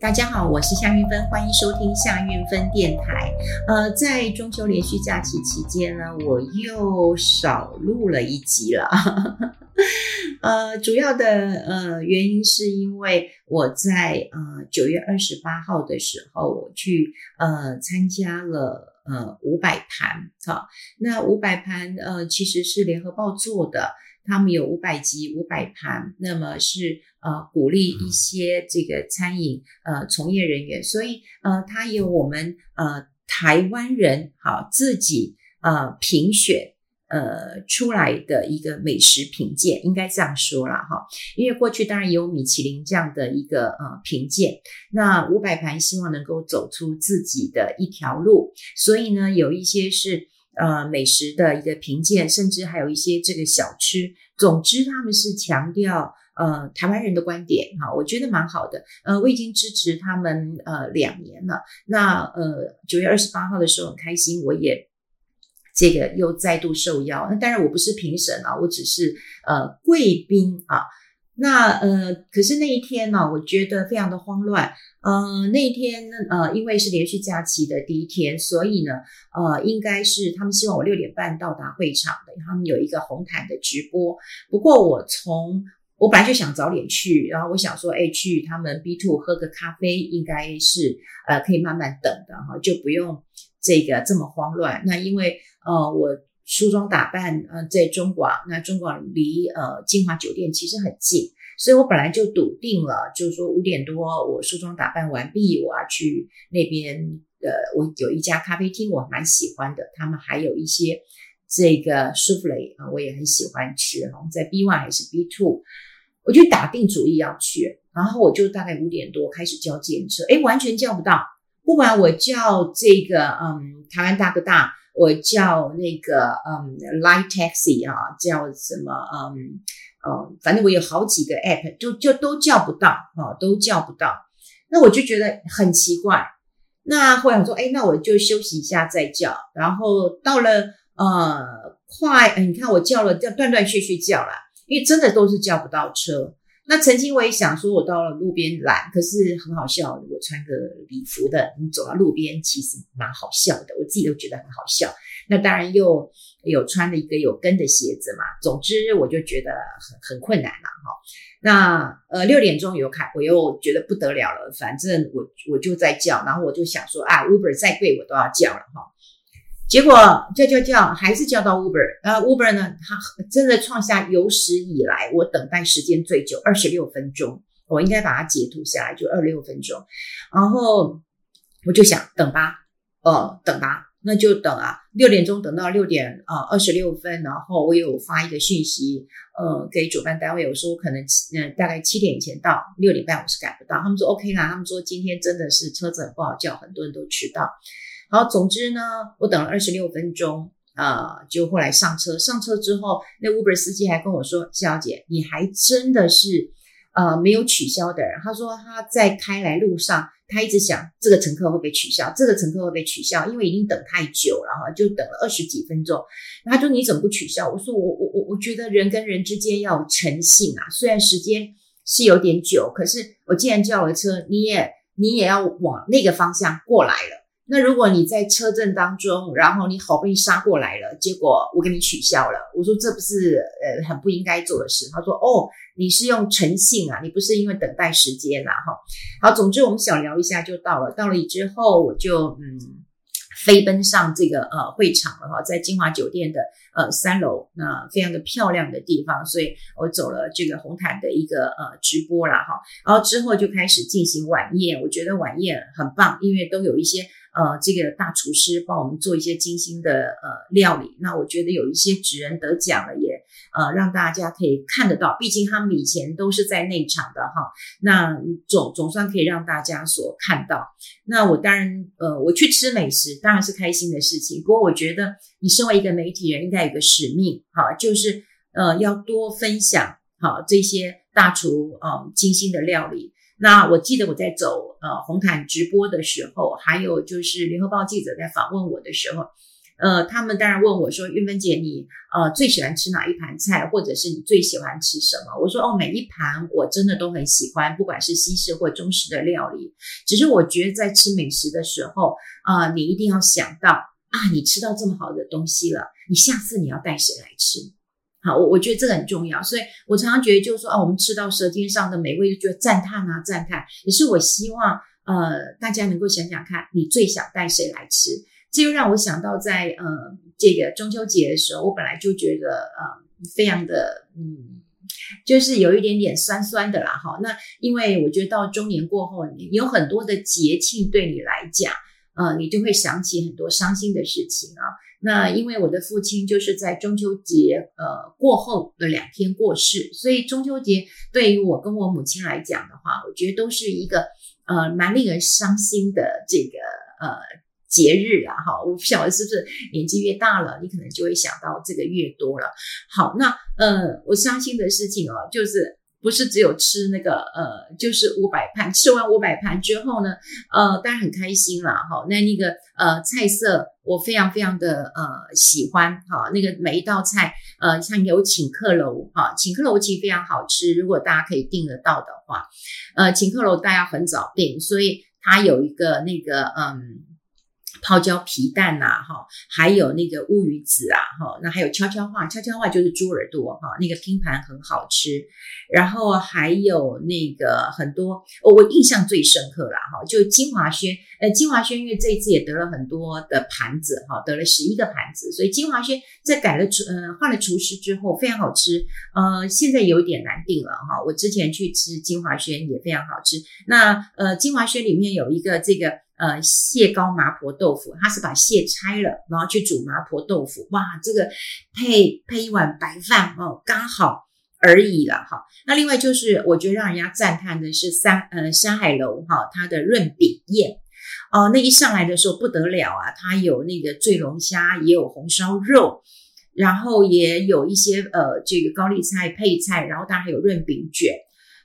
大家好，我是夏韻芬，歡迎收聽夏韻芬電台。呃，在中秋連續假期期間呢，我又少錄了一集了。 呃，主要的呃原因是因為我在呃九月二十八號的時候，我去呃參加了呃五百盤，好、啊，那五百盤呃其實是聯合報做的。他們有五百集、五百盤，那麼是呃鼓勵一些這個餐飲呃從業人員，所以呃它有我們呃台灣人哈、啊、自己呃評選呃出來的一個美食評鑑，應該這樣說了哈、啊，因為過去當然有米其林這樣的一個呃評、啊、鑑，那五百盤希望能夠走出自己的一條路，所以呢有一些是。呃，美食的一個評鑑，甚至還有一些這個小吃。總之，他們是強調呃台灣人的觀點哈，我覺得蠻好的。呃，我已經支持他們呃兩年了。那呃九月二十八號的時候，很開心，我也這個又再度受邀。那當然我不是評審啊，我只是呃貴賓啊。那呃可是那一天呢，我覺得非常的慌亂。呃，那一天呢，呃，因為是連續假期的第一天，所以呢，呃，應該是他們希望我六點半到達會場的，他們有一個紅毯的直播。不過我從我本來就想早點去，然後我想說，哎，去他們 B two 喝個咖啡，應該是呃可以慢慢等的哈，就不用這個這麼慌亂。那因為呃我梳妝打扮，呃，在中廣，那中廣離呃金華酒店其實很近。所以我本來就篤定了，就是說五點多我梳妝打扮完畢，我要去那邊的，我有一家咖啡廳，我蠻喜歡的。他們還有一些這個舒芙蕾啊，我也很喜歡吃，在 B one 還是 B two，我就打定主意要去。然後我就大概五點多開始叫計程車，誒，完全叫不到，不管我叫這個嗯台灣大哥大，我叫那個嗯 Line Taxi 啊，叫什麼嗯。呃、哦、反正我有好幾個 app，就就都叫不到，哈、哦，都叫不到。那我就覺得很奇怪。那後來我說，誒，那我就休息一下再叫。然後到了，呃，快，呃、你看我叫了，叫斷斷續續叫啦，因為真的都是叫不到車。那曾經我也想說，我到了路邊攔，可是很好笑。我穿個禮服的，你走到路邊，其實蠻好笑的，我自己都覺得很好笑。那當然又。有穿了一個有跟的鞋子嘛，總之我就覺得很很困難了哈。那呃六點鐘有開，我又覺得不得了了，反正我我就在叫，然後我就想說啊，Uber 再貴我都要叫了哈。結果叫叫叫，還是叫到 Uber 呃。呃，Uber 呢，它真的創下有史以來我等待時間最久，二十六分鐘。我應該把它截圖下來，就二十六分鐘。然後我就想等吧，呃、哦，等吧，那就等啊。六點鐘等到六點啊，二十六分，然後我有發一個訊息，呃，給主辦單位，我說我可能七，嗯、呃，大概七點以前到，六點半我是趕不到。他們說 OK 啦，他們說今天真的是車子很不好叫，很多人都遲到。好，總之呢，我等了二十六分鐘，呃，就後來上車，上車之後，那 Uber 司機還跟我說，小姐，你還真的是，呃，沒有取消的人，他說他在開來路上。他一直想，這個乘客會不會取消，這個乘客會不會取消，因為已經等太久了哈，就等了二十幾分鐘。他說：“你怎麼不取消？”我說我：“我我我我覺得人跟人之間要有誠信啊，雖然時間是有點久，可是我既然叫了車，你也你也要往那個方向過來了。”那如果你在車陣當中，然後你好不容易殺過來了，結果我給你取消了，我說這不是呃很不應該做的事。他說哦，你是用誠信啊，你不是因為等待時間啦、啊、哈。好，總之我們小聊一下就到了，到了之後我就嗯飛奔上這個呃會場了哈，在金華酒店的呃三樓，那、呃、非常的漂亮的地方，所以我走了這個紅毯的一個呃直播啦哈，然後之後就開始進行晚宴，我覺得晚宴很棒，因為都有一些。呃，這個大廚師幫我們做一些精心的呃料理，那我覺得有一些職人得獎了，也呃讓大家可以看得到，畢竟他們以前都是在內場的哈，那總總算可以讓大家所看到。那我當然呃我去吃美食當然是開心的事情，不過我覺得你身為一個媒體人應該有個使命哈，就是呃要多分享好這些大廚啊、呃、精心的料理。那我記得我在走呃紅毯直播的時候，還有就是聯合報記者在訪問我的時候，呃，他們當然問我說，韻芬姐，你呃最喜歡吃哪一盤菜，或者是你最喜歡吃什麼？我說哦，每一盤我真的都很喜歡，不管是西式或中式的料理。只是我覺得在吃美食的時候啊、呃，你一定要想到啊，你吃到這麼好的東西了，你下次你要帶誰來吃？好，我我覺得這個很重要，所以我常常覺得就是說啊、哦，我們吃到舌尖上的美味，就覺得讚嘆啊，讚嘆。也是我希望呃大家能夠想想看，你最想帶誰來吃？這又讓我想到在呃這個中秋節的時候，我本來就覺得呃非常的嗯，就是有一點點酸酸的啦哈。那因為我覺得到中年過後，你有很多的節慶對你來講。呃，你就會想起很多傷心的事情啊。那因為我的父親就是在中秋節呃過後的兩天過世，所以中秋節對於我跟我母親來講的話，我覺得都是一個呃蠻令人傷心的這個呃節日啊。哈，我不曉得是不是年紀越大了，你可能就會想到這個越多了。好，那呃我傷心的事情哦、啊，就是。不是只有吃那個，呃，就是五百盤。吃完五百盤之後呢，呃，大家很開心啦。齁。那那個，呃，菜色我非常非常的，呃，喜歡，齁。那個每一道菜，呃，像有請客樓，齁，請客樓其實非常好吃。如果大家可以訂得到的話，呃，請客樓大家很早訂，所以它有一個那個，嗯。泡椒皮蛋吶，哈，還有那個烏魚子啊，哈，那還有悄悄話，悄悄話就是豬耳朵，哈，那個拼盤很好吃，然後還有那個很多，哦，我印象最深刻了，哈，就金華軒，呃，金華軒因為這一次也得了很多的盤子，哈，得了十一個盤子，所以金華軒在改了廚，呃，換了廚師之後非常好吃，呃，現在有點難訂了，哈，哦，我之前去吃金華軒也非常好吃，那呃，金華軒裡面有一個這個。呃，蟹膏麻婆豆腐，他是把蟹拆了，然後去煮麻婆豆腐。哇，這個配配一碗白飯哦，剛好而已了哈。那另外就是，我覺得讓人家讚嘆的是三呃山海樓哈，它的潤餅宴哦，呃，那一上來的時候不得了啊，它有那個醉龍蝦，也有紅燒肉，然後也有一些呃這個高麗菜配菜，然後它還有潤餅捲。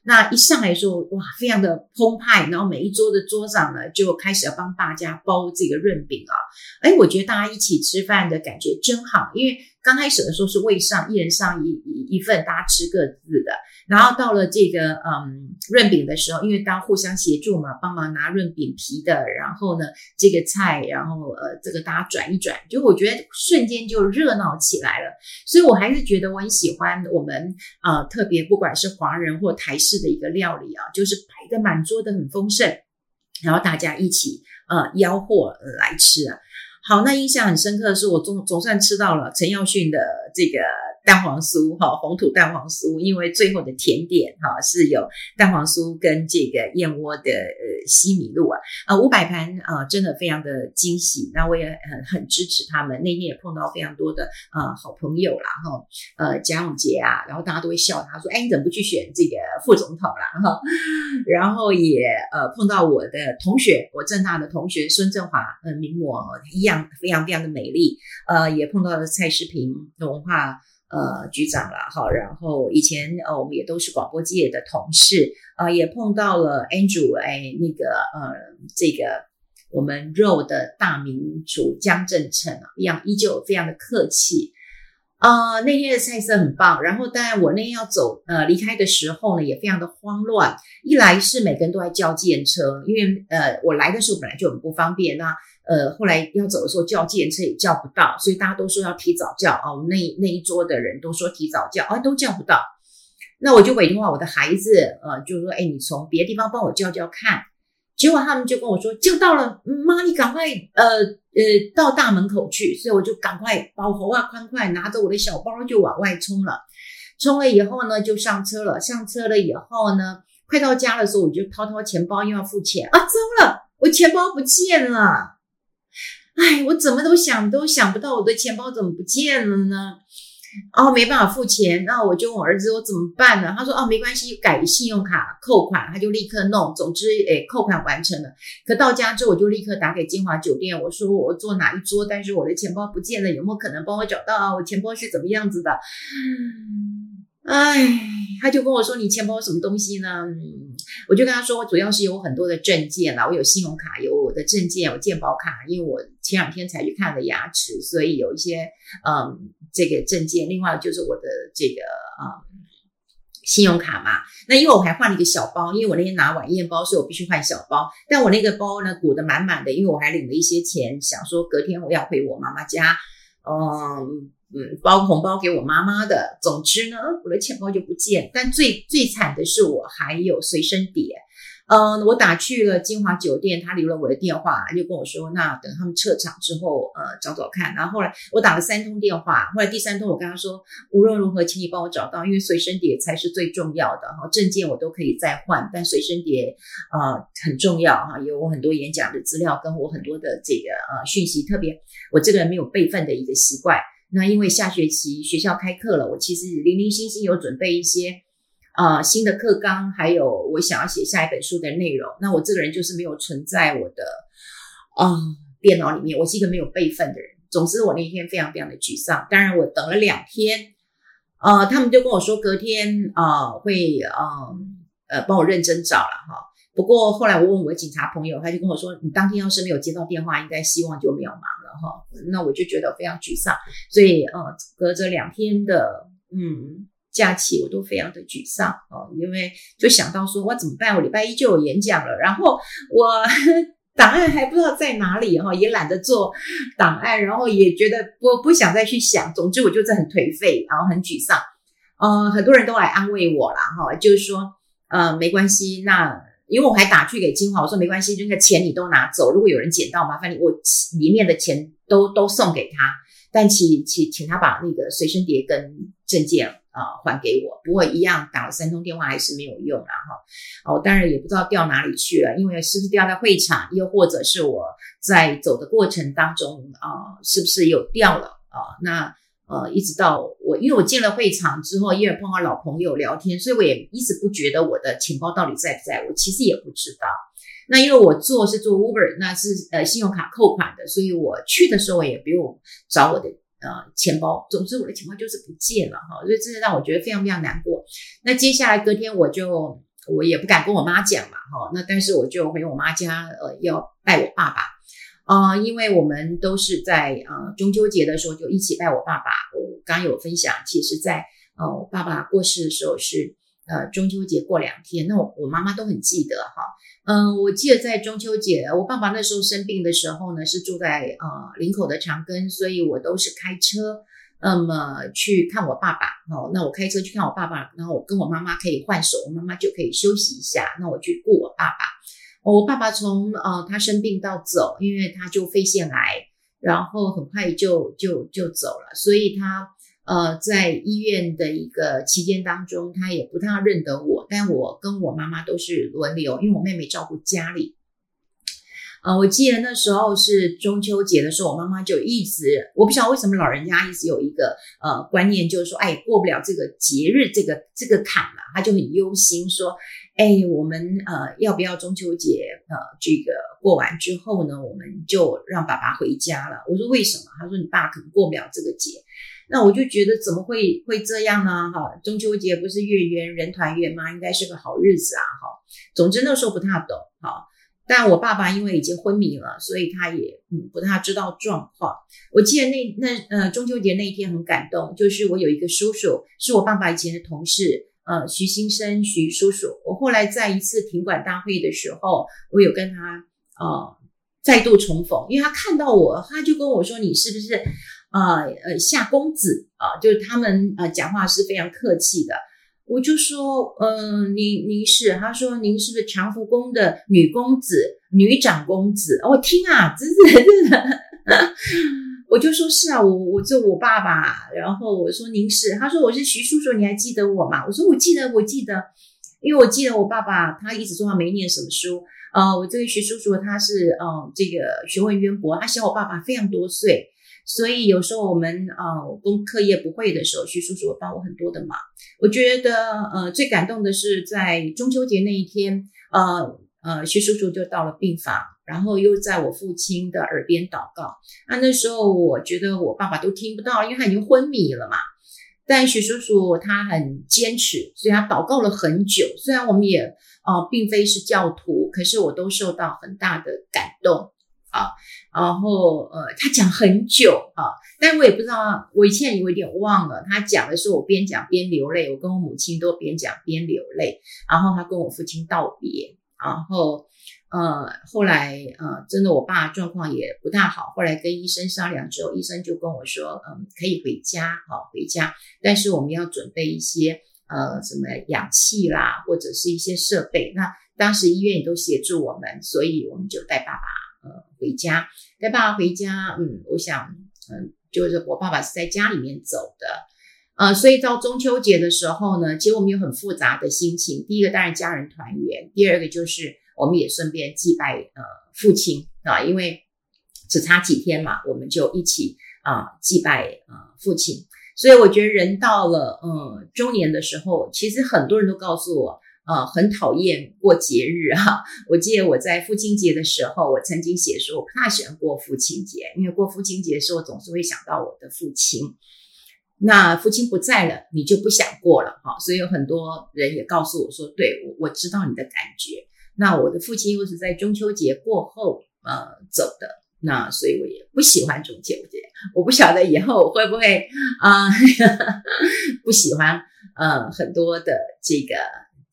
那一上來說，哇，非常的澎湃，然後每一桌的桌長呢，就開始要幫大家包這個潤餅啊、哦。哎，我覺得大家一起吃飯的感覺真好，因為剛開始的時候是位上一人上一一一份，大家吃各自的。然後到了這個嗯潤餅的時候，因為大家互相協助嘛，幫忙拿潤餅皮的，然後呢這個菜，然後呃這個大家轉一轉，就我覺得瞬間就熱鬧起來了。所以我還是覺得我很喜歡我們呃特別不管是華人或台式的一個料理啊，就是擺的滿桌的很豐盛，然後大家一起呃吆喝來吃啊。好，那印象很深刻的是我總總算吃到了陳耀迅的這個。蛋黃酥哈，紅土蛋黃酥，因為最後的甜點哈是有蛋黃酥跟這個燕窩的呃西米露啊啊五百盤啊真的非常的驚喜，那我也很支持他們。那天也碰到非常多的呃好朋友啦哈，呃賈永婕啊，然後大家都會笑他說，哎你怎麼不去選這個副總統啦哈？然後也呃碰到我的同學，我政大的同學孫正華，呃名模一樣非常非常的美麗，呃也碰到了蔡世平文化。呃，局長了哈，然後以前呃，我、哦、們也都是廣播界的同事呃，也碰到了 Andrew 哎，那個呃，這個我們 radio 的大民主江正成啊，一樣依舊非常的客氣。呃，那天的菜色很棒，然後當然我那天要走呃離開的時候呢，也非常的慌亂，一來是每個人都在叫建車，因為呃我來的時候本來就很不方便吶。那呃，後來要走的時候叫接車也叫不到，所以大家都說要提早叫啊。我、哦、們那那一桌的人都說提早叫啊、哦，都叫不到。那我就委托我的孩子，呃，就說誒、哎、你從別的地方幫我叫叫看。結果他們就跟我說叫到了，媽你趕快呃呃到大門口去。所以我就趕快把我頭髮寬快拿着我的小包就往外衝了。衝了以後呢，就上車了。上車了以後呢，快到家的時候，我就掏掏錢包又要付錢啊，糟了，我錢包不見了。哎，我怎麼都想都想不到我的錢包怎麼不見了呢？哦，沒辦法付錢，那我就問我兒子，我怎麼辦呢？他說哦，沒關係，改信用卡扣款，他就立刻弄。總之，哎，扣款完成了。可到家之後，我就立刻打給金華酒店，我說我坐哪一桌？但是我的錢包不見了，有沒有可能幫我找到啊？我錢包是怎麼樣子的？哎，他就跟我說：“你錢包什麼東西呢？”我就跟他說：“我主要是有很多的證件啦，我有信用卡，有我的證件，有健保卡。因為我前兩天才去看的牙齒，所以有一些嗯這個證件。另外就是我的這個啊、嗯、信用卡嘛。那因為我還換了一個小包，因為我那天拿晚宴包，所以我必須換小包。但我那個包呢，鼓得滿滿的，因為我還領了一些錢，想說隔天我要回我媽媽家。嗯。嗯”嗯，包紅包給我媽媽的。總之呢，我的錢包就不見。但最最慘的是我，我還有隨身碟。嗯、呃，我打去了金華酒店，他留了我的電話，就跟我說，那等他們撤場之後，呃，找找看。然後後來我打了三通電話，後來第三通我跟他說，無論如何，請你幫我找到，因為隨身碟才是最重要的哈。證件我都可以再換，但隨身碟啊、呃、很重要哈，有我很多演講的資料，跟我很多的這個呃訊息，特別我這個人沒有備份的一個習慣。那因為下學期學校開課了，我其實零零星星有準備一些，呃，新的課綱，還有我想要寫下一本書的內容。那我這個人就是沒有存在我的，啊、呃，電腦裡面，我是一個沒有備份的人。總之，我那天非常非常的沮喪。當然，我等了兩天，呃，他們就跟我說隔天，呃，會呃，呃，幫我認真找了哈。不過後來我問我的警察朋友，他就跟我說，你當天要是沒有接到電話，應該希望就渺茫。哈，那我就覺得非常沮喪，所以呃，隔着兩天的嗯假期，我都非常的沮喪哦，因為就想到說，我怎麼辦？我禮拜一就有演講了，然後我檔案還不知道在哪裡哈，也懶得做檔案，然後也覺得不不想再去想，總之我就是很頹廢，然後很沮喪，嗯、呃，很多人都來安慰我了哈，就是說，呃，沒關係，那。因為我還打去給金華，我說沒關係，那個錢你都拿走。如果有人撿到，麻煩你我裡面的錢都都送給他，但請請請他把那個隨身碟跟證件啊、呃、還給我。不過一樣打了三通電話還是沒有用，啊，然後啊，當然也不知道掉哪裡去了，因為是不是掉在會場，又或者是我在走的過程當中啊、呃，是不是又掉了啊、呃？那。呃，一直到我，因為我進了會場之後，因為碰到老朋友聊天，所以我也一直不覺得我的錢包到底在不在，我其實也不知道。那因為我做是做 Uber，那是呃信用卡扣款的，所以我去的時候也不用找我的呃錢包。總之我的錢包就是不見了哈、哦，所以真的讓我覺得非常非常難過。那接下來隔天我就我也不敢跟我媽講嘛哈、哦，那但是我就回我媽家呃要拜我爸爸。啊、呃，因為我們都是在呃中秋節的時候就一起拜我爸爸。我剛有分享，其實在，在呃我爸爸過世的時候是呃中秋節過兩天，那我我媽媽都很記得哈。嗯、哦呃，我記得在中秋節，我爸爸那時候生病的時候呢，是住在呃林口的長庚，所以我都是開車那麼、嗯、去看我爸爸。哦，那我開車去看我爸爸，然後我跟我媽媽可以換手，我媽媽就可以休息一下，那我去顧我爸爸。我爸爸從呃他生病到走，因為他就肺腺癌，然後很快就就就走了。所以他呃在醫院的一個期間當中，他也不太認得我。但我跟我媽媽都是輪流，因為我妹妹照顧家裡。呃，我記得那時候是中秋節的時候，我媽媽就一直，我不知道為什麼老人家一直有一個呃觀念，就是說，哎，過不了這個節日這個這個坎嘛啊，他就很憂心說。哎，我們呃要不要中秋節呃這個過完之後呢，我們就讓爸爸回家了。我說為什麼？他說你爸可能過不了這個節。那我就覺得怎麼會會這樣呢？哈、哦，中秋節不是月圓人團圓嗎？應該是個好日子啊！哈、哦，總之那時候不太懂。哈、哦，但我爸爸因為已經昏迷了，所以他也嗯不太知道狀況。我記得那那呃中秋節那一天很感動，就是我有一個叔叔，是我爸爸以前的同事。呃，徐先生，徐叔叔，我後來在一次庭管大會的時候，我有跟他呃再度重逢，因為他看到我，他就跟我說：“你是不是呃呃夏公子啊、呃？”就是他們呃講話是非常客氣的，我就說：“嗯、呃，您您是？”他說：“您是不是長福宮的女公子、女長公子？”我、哦、聽啊，真是哈哈。 我就說，是啊，我我這我爸爸，然後我說您是，他說我是徐叔叔，你還記得我嗎？我說我記得，我記得，因為我記得我爸爸，他一直說他沒念什麼書，呃，我這個徐叔叔他是呃這個學問淵博，他小我爸爸非常多歲，所以有時候我們呃功課業不會的時候，徐叔叔幫我很多的忙。我覺得呃最感動的是在中秋節那一天，呃呃徐叔叔就到了病房。然後又在我父親的耳邊禱告。那那時候我覺得我爸爸都聽不到，因為他已經昏迷了嘛。但徐叔叔他很堅持，所以他禱告了很久。雖然我們也啊、呃，並非是教徒，可是我都受到很大的感動啊。然後呃，他講很久啊，但我也不知道，我以前有一點忘了，他講的時候我邊講邊流淚，我跟我母親都邊講邊流淚。然後他跟我父親道別，然後。呃，後來呃，真的，我爸狀況也不大好。後來跟醫生商量之後，醫生就跟我說，嗯，可以回家，好回家。但是我們要準備一些呃，什麼氧氣啦，或者是一些設備。那當時醫院也都協助我們，所以我們就帶爸爸呃回家，帶爸爸回家。嗯，我想，嗯，就是我爸爸是在家裡面走的。呃，所以到中秋節的時候呢，其實我們有很複雜的心情。第一個當然家人團圓，第二個就是。我們也順便祭拜呃父親啊，因為只差幾天嘛，我們就一起啊、呃、祭拜呃父親。所以我覺得人到了呃中年的時候，其實很多人都告訴我，呃很討厭過節日啊。我記得我在父親節的時候，我曾經寫說我不太喜歡過父親節，因為過父親節的時候總是會想到我的父親。那父親不在了，你就不想過了哈、啊。所以有很多人也告訴我說，對我我知道你的感覺。那我的父親又是在中秋節過後呃走的，那所以我也不喜歡中秋節。我不曉得以後會不會啊、呃、不喜歡呃很多的這個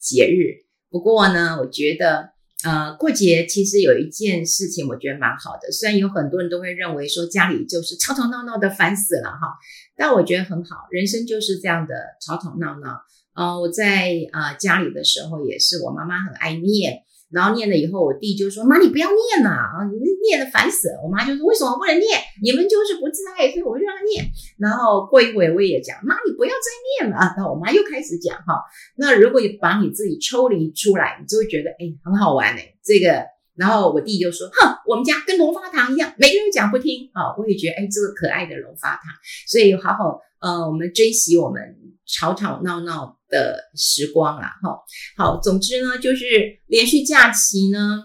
節日。不過呢，我覺得呃過節其實有一件事情我覺得蠻好的，雖然有很多人都會認為說家裡就是吵吵鬧鬧的煩死了哈，但我覺得很好，人生就是這樣的吵吵鬧鬧。呃我在啊、呃、家裡的時候也是我媽媽很愛念。然後念了以後，我弟就說：“媽，你不要念了啊，你念的煩死了。”我媽就說：“為什麼不能念？你們就是不自愛，所以我就讓他念。”然後過一會我也講：“媽，你不要再念了。”那我媽又開始講：“哈，那如果你把你自己抽離出來，你就會覺得，哎，很好玩哎、欸，這個。”然後我弟就說：“哼，我們家跟龍發堂一樣，每個人講不聽啊。”我也覺得，哎，這個可愛的龍發堂，所以好好呃，我們珍惜我們。吵吵鬧鬧的時光了，哈，好，總之呢，就是連續假期呢，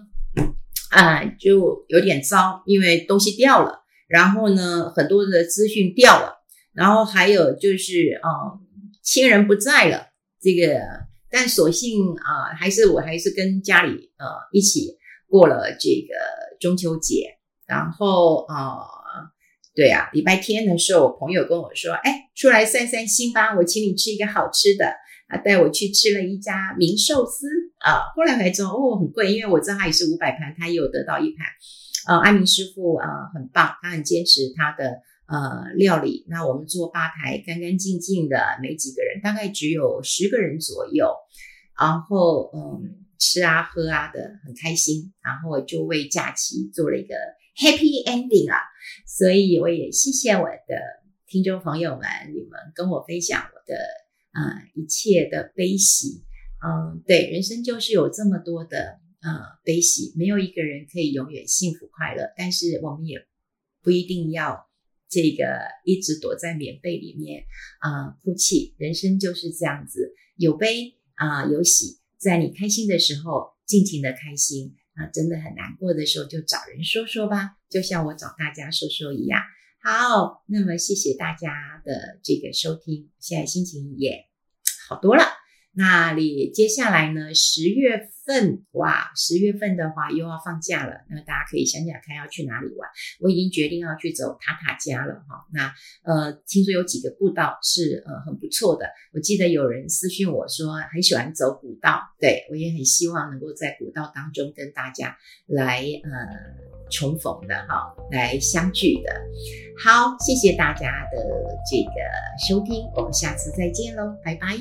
啊、呃，就有點糟，因為東西掉了，然後呢，很多的資訊掉了，然後還有就是啊、呃，親人不在了，這個，但所幸啊，還是我還是跟家裡呃一起過了這個中秋節，然後啊。呃對啊，禮拜天的時候，我朋友跟我說：“哎，出來散散心吧，我請你吃一個好吃的。”啊，帶我去吃了一家明壽司。啊，後來回來之後，哦，很貴，因為我知道他也是五百盤，他也有得到一盤。呃、啊，阿明師傅啊，很棒，他很堅持他的呃料理。那我們坐吧台，乾乾淨淨的，沒幾個人，大概只有十個人左右。然後嗯，吃啊喝啊的，很開心。然後就為假期做了一個。Happy ending 啊！所以我也謝謝我的聽眾朋友們，你們跟我分享我的啊、呃、一切的悲喜，嗯，對，人生就是有這麼多的呃悲喜，沒有一個人可以永遠幸福快樂，但是我們也不一定要這個一直躲在棉被裡面啊哭泣，人生就是這樣子，有悲啊、呃、有喜，在你開心的時候盡情的開心。啊，真的很難過的時候就找人說說吧，就像我找大家說說一樣。好，那麼謝謝大家的這個收聽，現在心情也好多了。那裡接下來呢？十月份，哇，十月份的話又要放假了，那大家可以想想看要去哪裡玩。我已經決定要去走塔塔加了哈、哦。那呃，聽說有幾個步道是呃很不錯的。我記得有人私訊我說很喜歡走古道，對我也很希望能夠在古道當中跟大家來呃重逢的哈、哦，來相聚的。好，謝謝大家的這個收聽，我們下次再見嘍，拜拜。